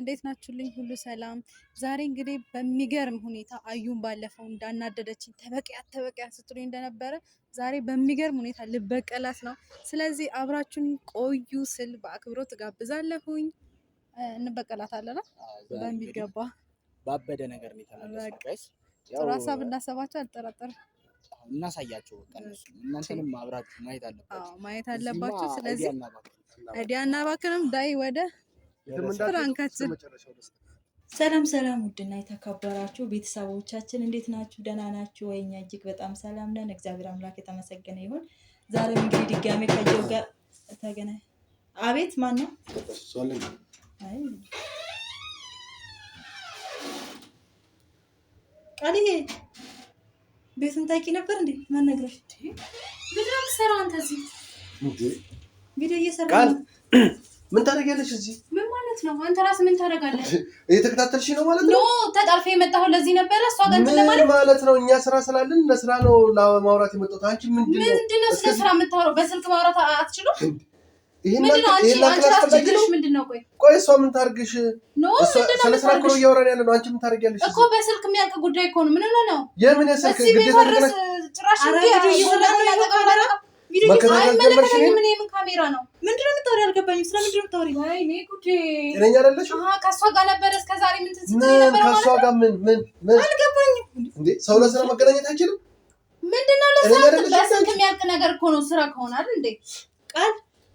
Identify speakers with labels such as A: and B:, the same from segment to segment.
A: እንዴት ናችሁልኝ? ሁሉ ሰላም። ዛሬ እንግዲህ በሚገርም ሁኔታ አዩን ባለፈው እንዳናደደችኝ ተበቂያት ተበቂያት ስትሉኝ እንደነበረ ዛሬ በሚገርም ሁኔታ ልበቀላት ነው። ስለዚህ አብራችሁን ቆዩ ስል በአክብሮት ጋብዛለሁኝ። እንበቀላታለን በሚገባ
B: ባበደ ነገር ነው
A: ጥሩ ሀሳብ እናሰባቸው አልጠራጠርም።
B: እናሳያቸው እናንተንም አብራችሁ ማየት
A: አለባችሁ ማየት አለባችሁ። ስለዚህ እዲያ እናባክንም ዳይ ወደ ሰላም ሰላም፣ ውድና የተከበራችሁ ቤተሰቦቻችን እንዴት ናችሁ? ደህና ናችሁ ወይ? እኛ እጅግ በጣም ሰላም ነን። እግዚአብሔር አምላክ የተመሰገነ ይሁን። ዛሬም እንግዲህ ድጋሜ ከጀው ጋር ተገናኝ። አቤት ማን ነው? ቃልዬ ቤቱን ታውቂ ነበር እንዴ? ማን ነግረሽ? ቪዲዮ እየሰራ አንተ እዚህ ቪዲዮ እየሰራ
B: ምን ታደርጊያለሽ እዚህ
A: ማለት ነው? አንተ ራስ ምን ታደርጋለህ?
B: እየተከታተልሽ ነው ማለት
A: ነው? ኖ ተጣርፌ የመጣሁ ለዚህ ነበረ። እሷ
B: ጋር ለማለት ማለት ነው? እኛ ስራ ስላለን ለስራ ነው ለማውራት የመጣሁት። አንቺ
A: ምንድን ነው ምንድን ነው ስለ ስራ የምታወራው? በስልክ ማውራት አትችሉም? ቆይ
B: እሷ ምን ታርግሽ? ስለ ስራ እኮ እያወራን ያለ ነው። አንቺ ምን ታርጊያለሽ
A: እኮ? በስልክ የሚያልቅ ጉዳይ እኮ ነው። ምን ነው የምን የስልክ ግዴታ ካሜራ ነው? ምንድን ነው የምታወሪው? ምን ምን ምን ምን አልገባኝም።
B: ሰው ለስራ መገናኘት አይችልም።
A: ምንድን ለስራ በስልክ ነገር እኮ ነው። ስራ ከሆነ አይደል እንዴ? ቃል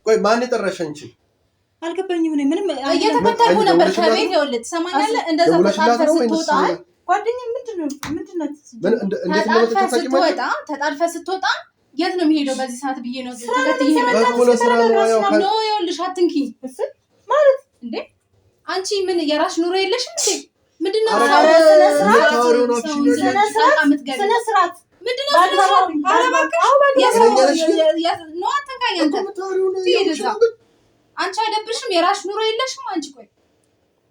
B: ቆይ፣ ማን የጠራሽ አንቺ?
A: አልገባኝም። እኔ ምንም እየተከተልኩ ነበር ከቤት። ይኸውልህ ትሰማኛለህ? እንደዛ ተጣልፈህ ስትወጣ ጓደኛዬ፣ ምንድን ነው ምንድን
B: ነው
A: ተጣልፈህ ስትወጣ የት ነው የሚሄደው በዚህ ሰዓት ብዬ ነው ይኸውልሽ፣ አትንኪኝ ማለት እንዴ! አንቺ ምን የራስሽ ኑሮ የለሽ እንዴ? ምንድን አንቺ አይደብርሽም? የራስሽ ኑሮ የለሽም አንቺ ቆይ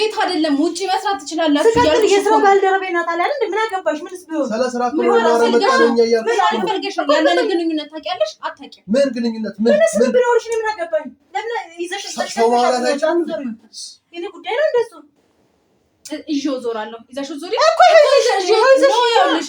A: ቤት አይደለም ውጭ መስራት ትችላላችሁ።
C: የስራ ባልደረባ ናት አለ አይደል? ምን አገባሽ? ምንስ ቢሆን
B: ስለ ስራ ነው
A: ያለን ግንኙነት ታውቂያለሽ? አታውቂም። ምን ግንኙነት ምን ምን ቢኖርሽ ምን አገባኝ? ለምን ይዘሽ ይዘሽ የእኔ ጉዳይ ነው እንደሱ እዤው ዞራለሁ። ይዘሽ ዞሪ
C: እኮ ይዘሽ
A: ይዘሽ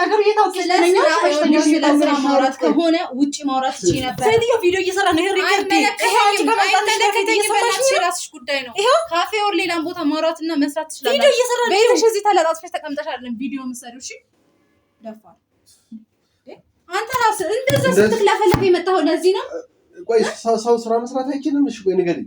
A: ነገሩ ማውራት ከሆነ ውጭ ማውራት ይችል ነበር። ቪዲዮ እየሰራ ነው። የራስሽ ጉዳይ ነው። ካፌ ወር ሌላም ቦታ መስራት ትችላለሽ። እዚህ ተለጣጥፈሽ ተቀምጠሽ አይደለም ቪዲዮ የምትሰሪው። እሺ አንተ ራስህ እንደዛ ስትለፈልፍ የመጣኸው ለዚህ ነው።
B: ቆይ ሰው ስራ መስራት አይችልም። እሺ ቆይ ንገሪኝ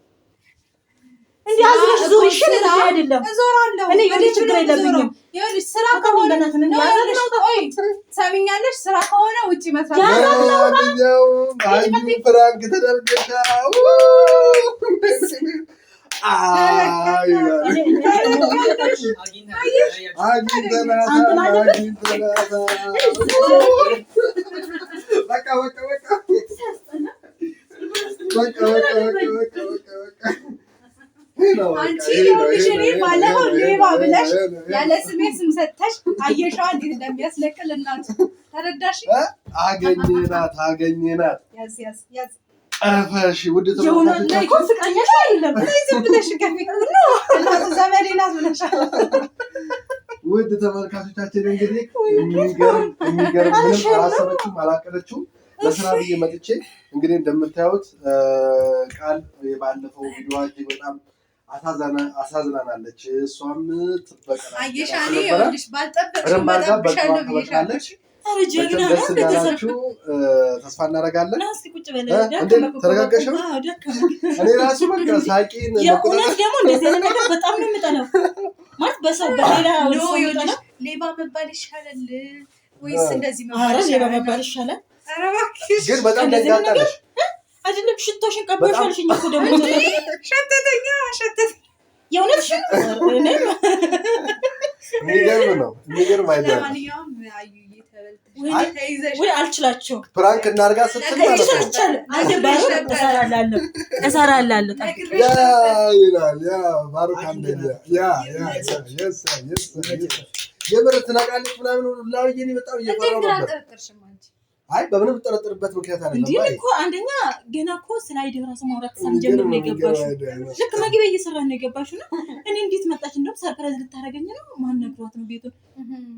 C: እንዲህ አዝለሽ ዙሪሽን
A: አይደለም እዞራለሁ
C: እኔ የሆነ ችግር የለብኝም። ስራ ከሆነ
A: ሰሚኛለሽ፣ ስራ ከሆነ ውጪ መስራት አንቺ ይኸውልሽ እኔ ባለፈው ሌባ ብለሽ ያለ ስሜ ስም ሰጥተሽ አየሻዋል። እንደሚያስለቅል እናቱ ተረዳሽ።
B: አገኘናት አገኘናት። ቀፈሽ ውድ
C: ስቃኛሽ አይደለም
A: ዝም ብለሽ እናቱ ዘመዴ
B: ውድ ተመልካቾቻችን እንግዲህ የሚገርም ምንም አላሰበችም አላቀለችም። ለስራ ብዬ መጥቼ እንግዲህ እንደምታዩት ቃል የባለፈው ቪዲዮ እጅግ በጣም አሳዝናናለች። እሷም
A: ትበቀናለች።
B: ተስፋ እናደርጋለን። ተረጋጋሽው እኔ ራሱ በቃ ሳቂን የእውነት ደግሞ
C: እንደዚህ አይነት ነገር በጣም ነው የምጠላው። ማለት በሰው በሌላ
A: ሌባ መባል ይሻላል ወይስ እንደዚህ
C: መባል ይሻላል?
B: ግን በጣም ደንጋጣለሽ
C: አይደለም ሽቶሽን ቀበሻልሽኝ እኮ ደግሞ
A: ሸተተኛ ሸተተ
C: የእውነት
B: የሚገርም ነው። የሚገርም አይደለም። አልችላቸው ፕራንክ እናርጋ ስትል የምር ትነቃለች ምናምን ላውዬ በጣም
A: እየፈራሁ ነበር
B: አይ በምንም ጠረጥርበት ምክንያት አለ
C: እንዲህ እኮ አንደኛ ገና እኮ ስለ አይዲያ ራሱ ማውራት ሳንጀምር ነው የገባሽው። ልክ መግቢያ እየሰራ ነው የገባሽው ነው እኔ እንዴት መጣች እንደውም ሰርፕራይዝ ልታደርገኝ ነው። ማን ነግሯት ነው ቤቱን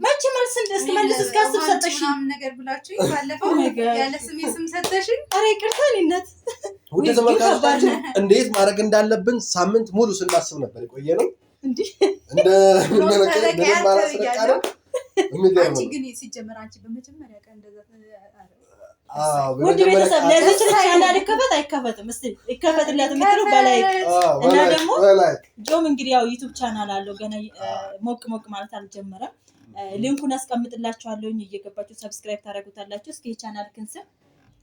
C: መቼ መልስ እንደስ እስከ አስብ
A: ሰጠሽ ነገር ብላችሁ ባለፈው oh ያለ ስሜ ስም ሰጠሽ።
C: ኧረ ይቅርታ እኔነት
B: ወደ ተመልካቾቻችን እንዴት ማድረግ እንዳለብን ሳምንት ሙሉ ስናስብ ነበር የቆየ ነው እንዴ እንደ ምንም ማራስ
A: ረቃ ነው አንቺ ግን ሲጀመር አንቺ በመጀመሪያ ቀን
C: ውድ ቤተሰብ ለዚች ልጅ አንዳንድ ይከፈት አይከፈትም ይከፈትላት እና ደግሞ ጆም እንግዲህ ያው ዩቱብ ቻናል አለው ገና ሞቅ ሞቅ ማለት አልጀመረም። ሊንኩን አስቀምጥላችኋለሁኝ እየገባችሁ ሰብስክራይብ ታደርጉታላችሁ። እስኪ ክንስም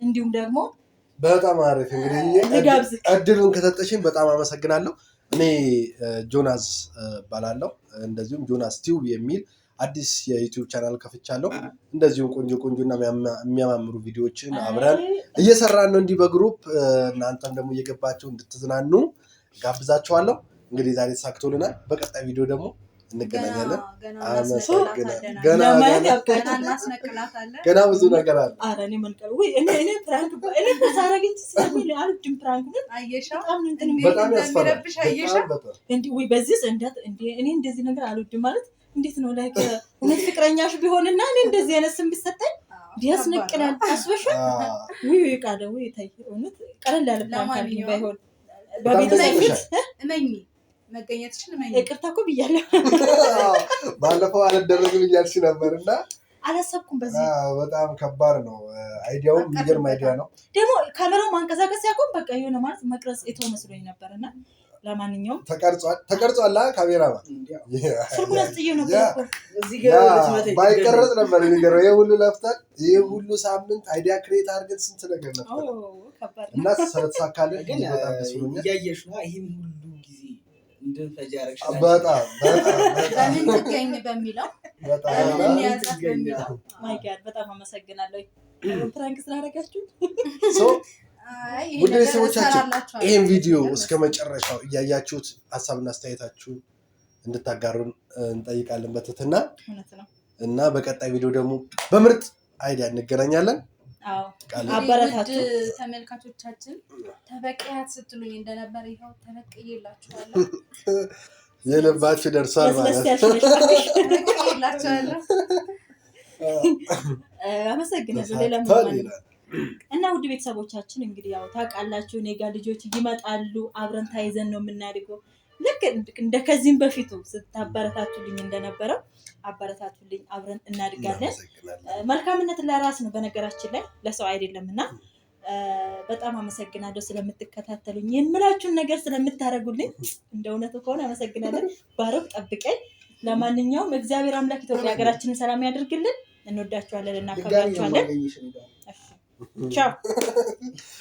C: እንዲሁም ደግሞ
B: በጣም አሪፍ እንግዲህ እድሉን በጣም አመሰግናለሁ። እኔ ጆናስ እባላለሁ። እንደዚሁም ጆናስ ቲዩብ የሚል አዲስ የዩቲዩብ ቻናል ከፍቻለሁ። እንደዚሁም ቆንጆ ቆንጆ የሚያማምሩ ቪዲዮዎችን አብረን እየሰራን ነው እንዲህ በግሩፕ እናንተም ደግሞ እየገባችሁ እንድትዝናኑ ጋብዛችኋለሁ። እንግዲህ ዛሬ ተሳክቶልናል። በቀጣይ ቪዲዮ ደግሞ እንገናኛለን። ገና ብዙ ነገር አለ። በጣም ያስፈራል።
C: በዚህ እንደዚህ ነገር አልወድም ማለት እንዴት ነው ላይ እውነት ፍቅረኛሽ ቢሆንና እኔ እንደዚህ አይነት ስም ቢሰጠኝ ቢያስነቅላል አስበሻል። ውይ ቃለ ውይ ታይ እውነት ቀለል ያለ ፕራንክ
A: ባይሆን በቤተሰብ ፊት መገኘትሽን እመኝ።
C: ይቅርታ እኮ ብያለሁ።
B: ባለፈው አልደረግም እያልሽ ነበር እና
C: አላሰብኩም። በዚህ
B: በጣም ከባድ ነው። አይዲያውም የሚገርም አይዲያ ነው።
C: ደግሞ ካሜራው ማንቀሳቀስ ያቆም በቃ የሆነ ማለት መቅረጽ የተወ መስሎኝ ነበር እና ለማንኛውም
B: ተቀርጿላ። ካሜራ ባይቀረጽ ነበር የሚገርመው። ይህ ሁሉ ለፍተን ይህ ሁሉ ሳምንት አይዲያ ክሬት አድርገን ስንት ነገር ነበር እና ስለተሳካልን
D: በጣም ደስ ብሎኛል።
B: በጣም
A: በጣም በጣም አመሰግናለሁ ፕራንክ ስላደረጋችሁ
B: ውድ ቤተሰቦቻችን ይህን ቪዲዮ እስከ መጨረሻው እያያችሁት ሀሳብና አስተያየታችሁን እንድታጋሩን እንጠይቃለን በትህትና እና በቀጣይ ቪዲዮ ደግሞ በምርጥ አይዲያ እንገናኛለን።
A: አበረታቱ ተመልካቾቻችን። ተበቅያት ስትሉኝ እንደነበር ይኸው ተበቅዬላችኋለሁ።
B: የልባችሁ ደርሷል ማለት ተበቅዬላችኋለሁ።
C: አመሰግናለሁ። ሌላ እና ውድ ቤተሰቦቻችን እንግዲህ ያው ታውቃላችሁ፣ እኔ ልጆች ይመጣሉ። አብረን ታይዘን ነው የምናድገው። ልክ እንደ ከዚህም በፊቱ ስታበረታቱልኝ እንደነበረው አበረታቱልኝ፣ አብረን እናድጋለን። መልካምነት ለራስ ነው በነገራችን ላይ ለሰው አይደለም እና በጣም አመሰግናለሁ ስለምትከታተሉኝ፣ የምላችሁን ነገር ስለምታደርጉልኝ እንደ እውነቱ ከሆነ አመሰግናለን። ባሮክ ጠብቀኝ። ለማንኛውም እግዚአብሔር አምላክ ኢትዮጵያ ሀገራችንን ሰላም ያደርግልን። እንወዳችኋለን፣
B: እናከብራችኋለን።
C: Tchau.